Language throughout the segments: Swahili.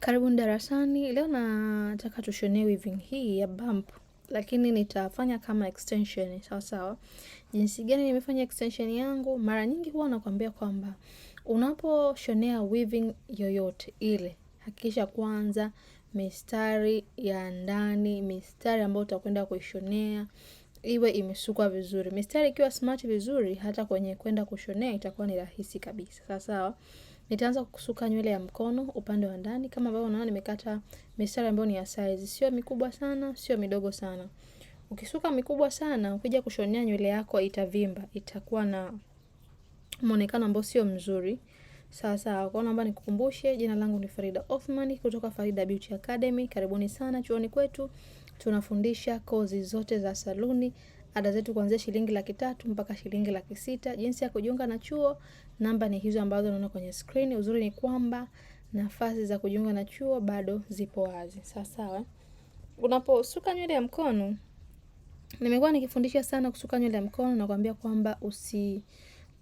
Karibuni darasani. Leo nataka tushonee weaving hii ya bump, lakini nitafanya kama extension sawa sawa. Jinsi gani nimefanya extension yangu? Mara nyingi huwa nakwambia kwamba unaposhonea weaving yoyote ile, hakikisha kwanza mistari ya ndani, mistari ambayo utakwenda kuishonea iwe imesukwa vizuri. Mistari ikiwa smart vizuri, hata kwenye kwenda kushonea itakuwa ni rahisi kabisa, sawa sawa. Nitaanza kusuka nywele ya mkono upande wa ndani kama ambavyo unaona nimekata mistari ambayo ni ya size, sio mikubwa sana, sio midogo sana. Ukisuka mikubwa sana, ukija kushonea nywele yako itavimba, itakuwa na muonekano ambao sio mzuri. Sasa kwa naomba nikukumbushe, jina langu ni Farida Othman kutoka Farida Beauty Academy. Karibuni sana chuoni kwetu, tunafundisha kozi zote za saluni ada zetu kuanzia shilingi laki tatu mpaka shilingi laki sita. Jinsi ya kujiunga na chuo, namba ni hizo ambazo unaona kwenye screen. Uzuri ni kwamba nafasi za kujiunga na chuo bado zipo wazi, sawa sawa. Unaposuka nywele ya mkono, nimekuwa nikifundisha sana kusuka nywele ya mkono na kuambia kwamba usi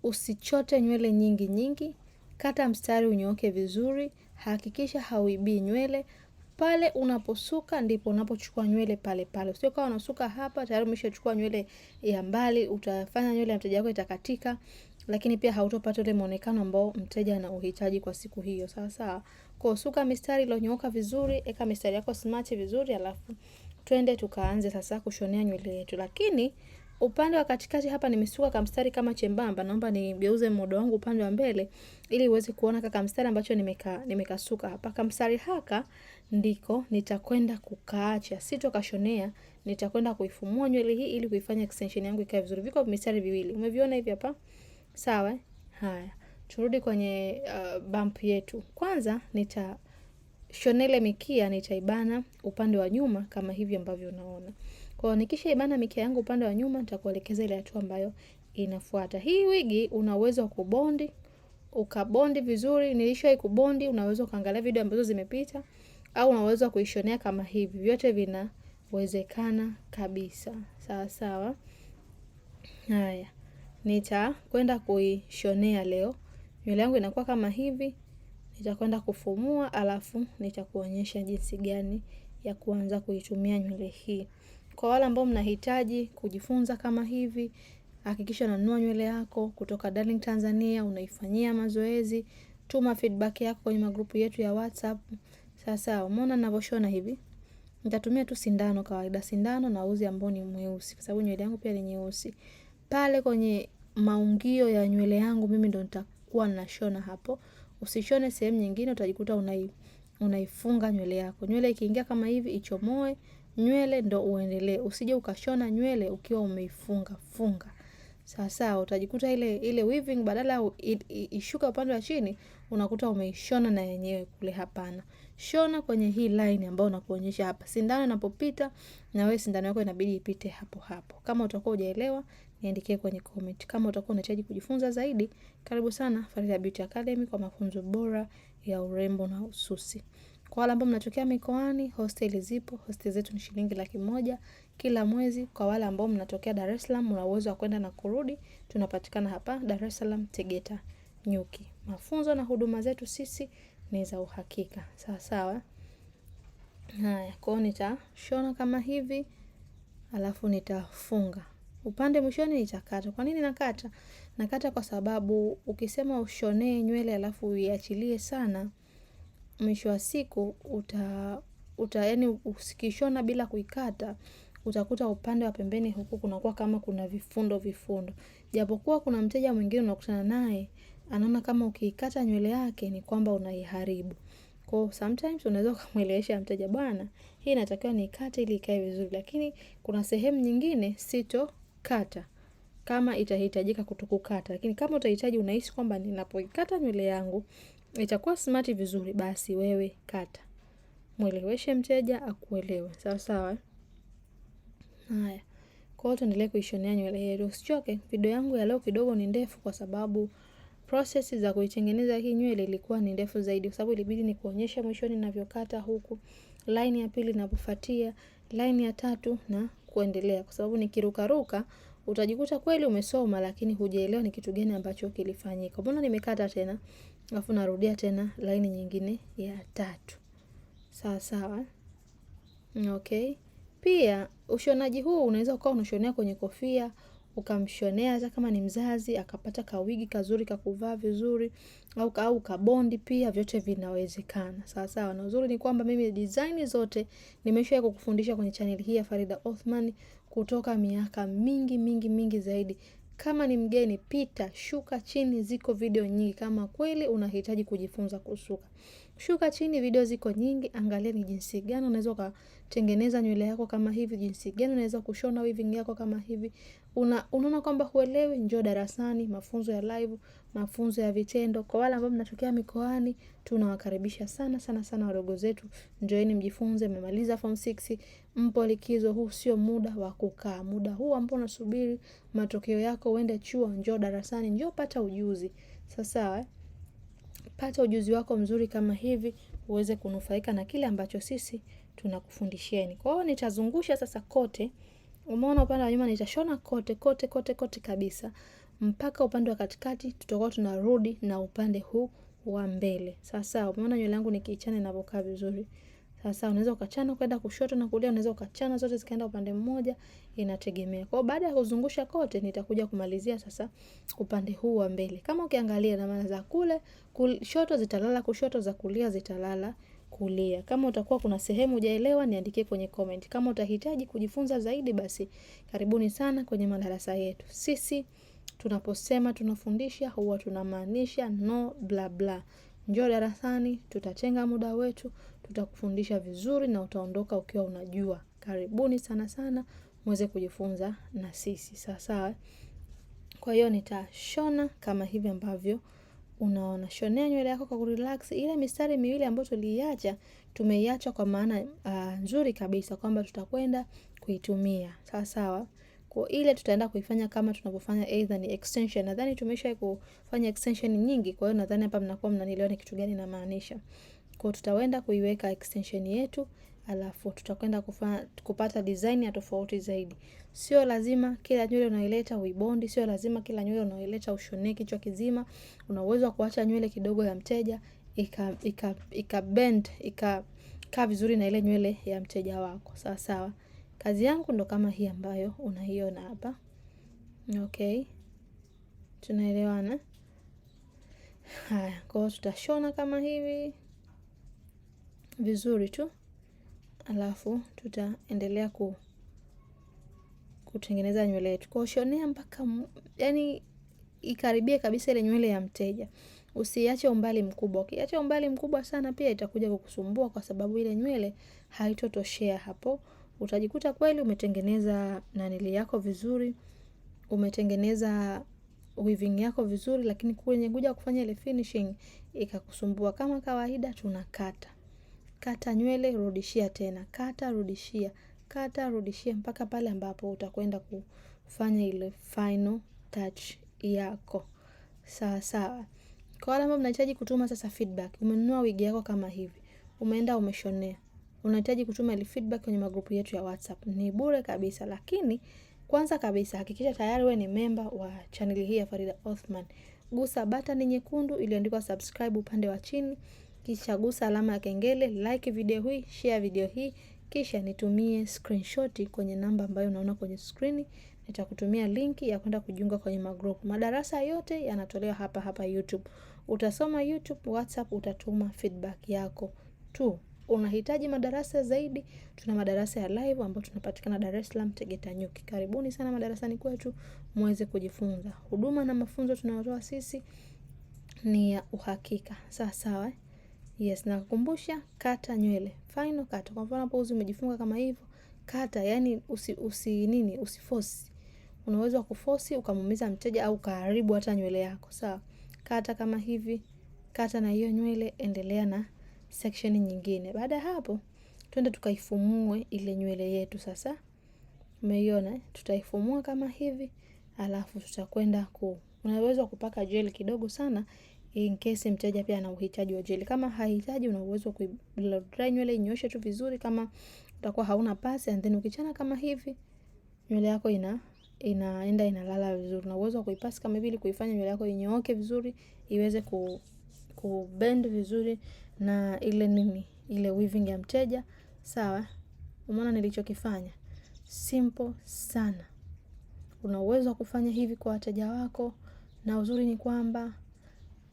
usichote nywele nyingi nyingi, kata mstari unyooke vizuri, hakikisha hauibii nywele. Pale unaposuka ndipo unapochukua nywele pale pale. Sio kama unasuka hapa tayari umeshachukua nywele ya mbali, utafanya nywele ya mteja wako itakatika, lakini pia hautopata ule muonekano ambao mteja anauhitaji kwa siku hiyo. Sawa sawa. Kwa suka mistari iliyonyooka vizuri, eka mistari yako smart vizuri, alafu twende tukaanze sasa kushonea nywele yetu. Lakini upande wa katikati hapa nimesuka kama mstari kama chembamba, naomba nigeuze mdomo wangu upande wa mbele ili uweze kuona kama mstari ambacho nimeka nimekasuka hapa. Kamstari haka ndiko nitakwenda kukaacha, sitokashonea, nitakwenda kuifumua nywele hii ili kuifanya extension yangu ikae vizuri. Viko mistari viwili, umeviona hivi hapa, sawa? Haya, turudi kwenye uh, bump yetu. Kwanza nita shonele mikia, nitaibana upande wa nyuma kama hivi ambavyo unaona. Kwa hiyo ibana mikia yangu upande wa nyuma, nitakuelekeza ile hatua ambayo inafuata. Hii wigi una uwezo wa kubondi, ukabondi vizuri. Nilishawahi kubondi, unaweza ukaangalia video ambazo zimepita au unaweza kuishonea kama hivi, vyote vinawezekana kabisa. Sawa sawa. Haya, nitakwenda kuishonea leo. Nywele yangu inakuwa kama hivi, nitakwenda kufumua, alafu nitakuonyesha jinsi gani ya kuanza kuitumia nywele hii. Kwa wale ambao mnahitaji kujifunza kama hivi, hakikisha unanunua nywele yako kutoka Darling Tanzania, unaifanyia mazoezi. Tuma feedback yako kwenye magrupu yetu ya WhatsApp sawa sawa, umeona ninavyoshona hivi. Nitatumia tu sindano kawaida, sindano na uzi ambao ni mweusi kwa sababu nywele yangu pia ni nyeusi. Pale kwenye maungio ya nywele yangu mimi ndo nitakuwa nashona hapo. Usishone sehemu nyingine, utajikuta unai unaifunga nywele yako. Nywele ikiingia kama hivi ichomoe nywele ndo uendelee. Usije ukashona nywele ukiwa umeifunga funga. Sawa sawa, utajikuta ile ile weaving badala ishuka upande wa chini unakuta umeishona na yenyewe kule hapana shona kwenye hii line ambayo nakuonyesha hapa. Sindano inapopita na wewe sindano yako inabidi ipite hapo hapo. Kama utakuwa hujaelewa, niandikie kwenye comment. Kama utakuwa unahitaji kujifunza zaidi, karibu sana Farida Beauty Academy kwa mafunzo bora ya urembo na ususi. Kwa wale ambao mnatokea mikoani, hosteli zipo. Hosteli zetu ni shilingi laki moja kila mwezi. Kwa wale ambao mnatokea Dar es Salaam, una uwezo wa kwenda na kurudi, tunapatikana hapa Dar es Salaam Tegeta Nyuki. Mafunzo na huduma zetu sisi ni za uhakika sawa sawa. Haya, kwao nitashona kama hivi, alafu nitafunga upande mwishoni nitakata. Kwa nini nakata? Nakata kwa sababu ukisema ushonee nywele alafu uiachilie sana, mwisho wa siku uta, uta yani, usikishona bila kuikata utakuta upande wa pembeni huku kunakuwa kama kuna vifundo vifundo, japokuwa kuna mteja mwingine unakutana naye anaona kama ukiikata nywele yake ni kwamba unaiharibu. Kwa hiyo sometimes unaweza ukamwelewesha mteja, bwana, hii inatakiwa niikate ili ikae vizuri, lakini kuna sehemu nyingine sitokata kama itahitajika kutokukata. Lakini kama utahitaji unahisi kwamba ninapoikata nywele yangu itakuwa smart vizuri, basi wewe kata. Mweleweshe mteja akuelewe sawa sawa. Haya, kwa hiyo tuendelee kuishonea nywele yetu, usichoke. Video yangu ya leo kidogo ni ndefu kwa sababu Process za kuitengeneza hii nywele ilikuwa ni ndefu zaidi kwa sababu ilibidi nikuonyesha mwishoni ninavyokata huku, line ya pili inapofuatia, line ya tatu na kuendelea kwa sababu nikirukaruka utajikuta kweli umesoma lakini hujaelewa ni kitu gani ambacho kilifanyika. Mbona nimekata tena? Alafu narudia tena line nyingine ya tatu. Sawa sawa. Okay. Pia ushonaji huu unaweza ukawa unashonea kwenye kofia ukamshonea hata kama ni mzazi akapata kawigi kazuri kakuvaa vizuri au ka, au kabondi pia, vyote vinawezekana. Sawa sawa, na uzuri ni kwamba mimi design zote nimeshawahi kukufundisha kwenye channel hii ya Farida Othman kutoka miaka mingi mingi mingi zaidi. Kama ni mgeni, pita shuka chini, ziko video nyingi. Kama kweli unahitaji kujifunza kusuka, shuka chini, video ziko nyingi. Angalia ni jinsi gani unaweza ukatengeneza nywele yako kama hivi, jinsi gani unaweza kushona weaving yako kama hivi, una, unaona kwamba huelewi, njoo darasani, mafunzo ya live, mafunzo ya vitendo. Kwa wale ambao mnatokea mikoani, tunawakaribisha sana sana sana wadogo zetu, njoeni mjifunze. Mmemaliza form 6, mpo likizo, huu sio muda wa kukaa. Muda huu ambao unasubiri matokeo yako uende chuo, njoo darasani, njoo pata ujuzi. Sasa eh? Pata ujuzi wako mzuri kama hivi uweze kunufaika na kile ambacho sisi tunakufundisheni. Kwa hiyo nitazungusha sasa kote Umeona upande wa nyuma nitashona kote kote kote kote kabisa mpaka upande wa katikati, tutakuwa tunarudi na upande huu wa mbele. Sasa umeona nywele yangu nikiichana inavokaa vizuri. Sasa unaweza ukachana kwenda kushoto na kulia, unaweza ukachana zote zikaenda upande mmoja, inategemea. Kwa baada ya kuzungusha kote, nitakuja kumalizia sasa upande huu wa mbele. Kama ukiangalia na maana za kule kushoto zitalala kushoto, za kulia zitalala kulia. Kama utakuwa kuna sehemu hujaelewa, niandikie kwenye comment. Kama utahitaji kujifunza zaidi, basi karibuni sana kwenye madarasa yetu. Sisi tunaposema tunafundisha huwa tunamaanisha no bla bla. Njoo darasani, tutatenga muda wetu, tutakufundisha vizuri na utaondoka ukiwa unajua. Karibuni sana sana muweze kujifunza na sisi sawasawa. Kwa hiyo nitashona kama hivi ambavyo Unaona, shonea nywele yako kwa kurelax. Ile mistari miwili ambayo tuliiacha tumeiacha kwa maana uh, nzuri kabisa kwamba tutakwenda kuitumia sawa sawa. Kwa ile tutaenda kuifanya kama tunavyofanya either ni extension. Nadhani tumesha kufanya extension nyingi, kwa hiyo nadhani hapa mnakuwa mnanielewa ni kitu gani namaanisha. Kwa tutaenda kuiweka extension yetu alafu tutakwenda kupata design ya tofauti zaidi. Sio lazima kila nywele unaileta uibondi, sio lazima kila nywele unaileta ushone kichwa kizima. Una uwezo wa kuacha nywele kidogo ya mteja ika ika ika bend ikakaa vizuri na ile nywele ya mteja wako sawa sawa. Kazi yangu ndo kama hii ambayo unaiona hapa. Okay, tunaelewana? Haya, kwa hiyo tutashona kama hivi vizuri tu alafu tutaendelea ku kutengeneza nywele yetu kwa ushonea mpaka yani ikaribie kabisa ile nywele ya mteja. Usiache umbali mkubwa. Ukiacha umbali mkubwa sana, pia itakuja kukusumbua, kwa sababu ile nywele haitotoshea hapo. Utajikuta kweli umetengeneza nanili yako vizuri, umetengeneza weaving yako vizuri, lakini kwenye kuja kufanya ile finishing ikakusumbua. Kama kawaida tunakata kata nywele, rudishia tena, kata, rudishia, kata, rudishia mpaka pale ambapo utakwenda kufanya ile final touch yako. Sawa sawa. Kwa wale ambao mnahitaji kutuma sasa feedback, umenunua wigi yako kama hivi, umeenda umeshonea, unahitaji kutuma ile feedback kwenye magrupu yetu ya WhatsApp, ni bure kabisa. Lakini kwanza kabisa hakikisha tayari we ni memba wa chaneli hii ya Farida Othman. Gusa batani nyekundu iliyoandikwa subscribe upande wa chini kisha gusa alama ya kengele, like video hii, share video hii, kisha nitumie screenshot kwenye namba ambayo unaona kwenye screen. Nitakutumia link ya kwenda kujiunga kwenye magroup. Madarasa yote yanatolewa hapa hapa YouTube. Utasoma YouTube, WhatsApp utatuma feedback yako tu. Unahitaji madarasa zaidi? Tuna madarasa ya live ambayo tunapatikana Dar es Salaam, Tegeta Nyuki. Karibuni sana madarasani kwetu muweze kujifunza. Huduma na mafunzo tunayotoa sisi ni ya uhakika. Sawa sawa. Eh? Yes, na kukumbusha kata nywele. Final cut. Kwa mfano hapo uzi umejifunga kama hivyo. Kata, yani usi, usi nini, usifosi Unaweza uwezo wa kuforce mteja au kaharibu hata nywele yako. Sawa. Kata kama hivi. Kata na hiyo nywele, endelea na section nyingine. Baada ya hapo, twende tukaifumue ile nywele yetu sasa. Umeiona? Tutaifumua kama hivi, alafu tutakwenda ku. Unaweza kupaka gel kidogo sana in case mteja pia ana uhitaji wa gel. Kama hahitaji, una uwezo wa ku-blow dry nywele, inyoshe tu vizuri kama utakuwa hauna pasi, and then ukichana kama hivi nywele yako ina inaenda inalala vizuri. na uwezo wa kuipasi kama hivi ili kuifanya nywele yako inyooke vizuri, iweze ku ku bend vizuri na ile nini, ile weaving ya mteja. Sawa, umeona nilichokifanya? Simple sana. Una uwezo wa kufanya hivi kwa wateja wako, na uzuri ni kwamba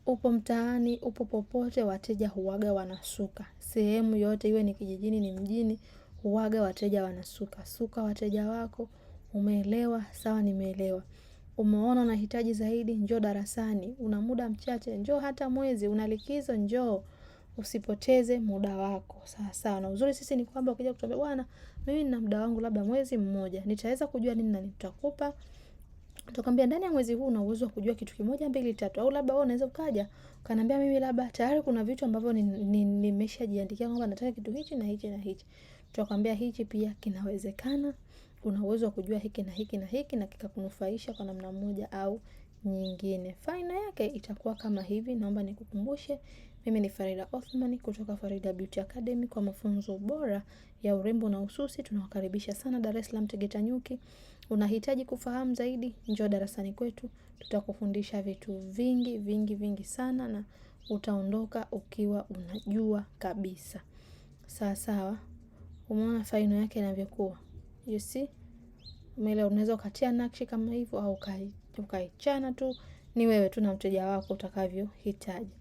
upo mtaani, upo popote, wateja huwaga wanasuka sehemu yote, iwe ni kijijini, ni mjini, huwaga wateja wanasuka. Suka wateja wako. Umeelewa? Sawa, nimeelewa. Umeona unahitaji zaidi, njoo darasani. Una muda mchache, njoo hata mwezi. Una likizo, njoo usipoteze muda wako. Sawa sawa. Na uzuri sisi ni kwamba ukija kutuambia bwana, mimi nina muda wangu labda mwezi mmoja, nitaweza kujua nini na nitakupa tukamwambia ndani ya mwezi huu una uwezo wa kujua kitu kimoja mbili tatu, au labda wewe unaweza ukaja ukaniambia mimi, labda tayari kuna vitu ambavyo nimeshajiandikia ni, ni kwamba nataka kitu hichi na hichi na hichi. Tukamwambia hichi pia kinawezekana, una uwezo wa kujua hiki na hiki na hiki, na kikakunufaisha kwa namna moja au nyingine. Faina yake itakuwa kama hivi. Naomba nikukumbushe, mimi ni Farida Othman kutoka Farida Beauty Academy kwa mafunzo bora ya urembo na ususi. Tunawakaribisha sana Dar es Salaam Tegeta Nyuki. Unahitaji kufahamu zaidi? Njoo darasani kwetu, tutakufundisha vitu vingi vingi vingi sana, na utaondoka ukiwa unajua kabisa. Sawa sawa, umeona faino yake inavyokuwa. You see, umeelewa? Unaweza ukatia nakshi kama hivyo au ukaichana tu, ni wewe tu na mteja wako utakavyohitaji.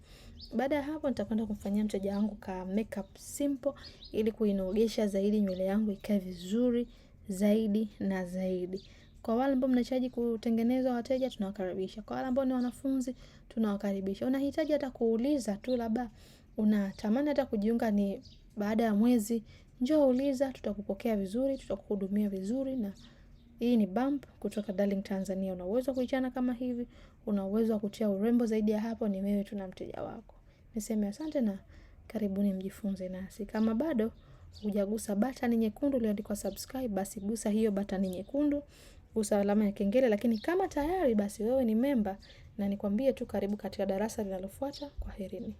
Baada ya hapo nitakwenda kumfanyia mteja wangu ka makeup simple ili kuinogesha zaidi nywele yangu ikae vizuri zaidi na zaidi. Kwa wale ambao mnahitaji kutengeneza wateja tunawakaribisha. Kwa wale ambao ni wanafunzi tunawakaribisha. Unahitaji hata kuuliza tu labda unatamani hata kujiunga ni baada ya mwezi, njoo uliza tutakupokea vizuri, tutakuhudumia vizuri na hii ni Bump kutoka Darling Tanzania. Una uwezo wa kuichana kama hivi, una uwezo wa kutia urembo zaidi ya hapo, ni wewe tu na mteja wako. Niseme asante na karibuni mjifunze nasi. Kama bado hujagusa batani nyekundu iliyoandikwa subscribe, basi gusa hiyo batani nyekundu, gusa alama ya kengele. Lakini kama tayari, basi wewe ni memba, na nikwambie tu, karibu katika darasa linalofuata. Kwaherini.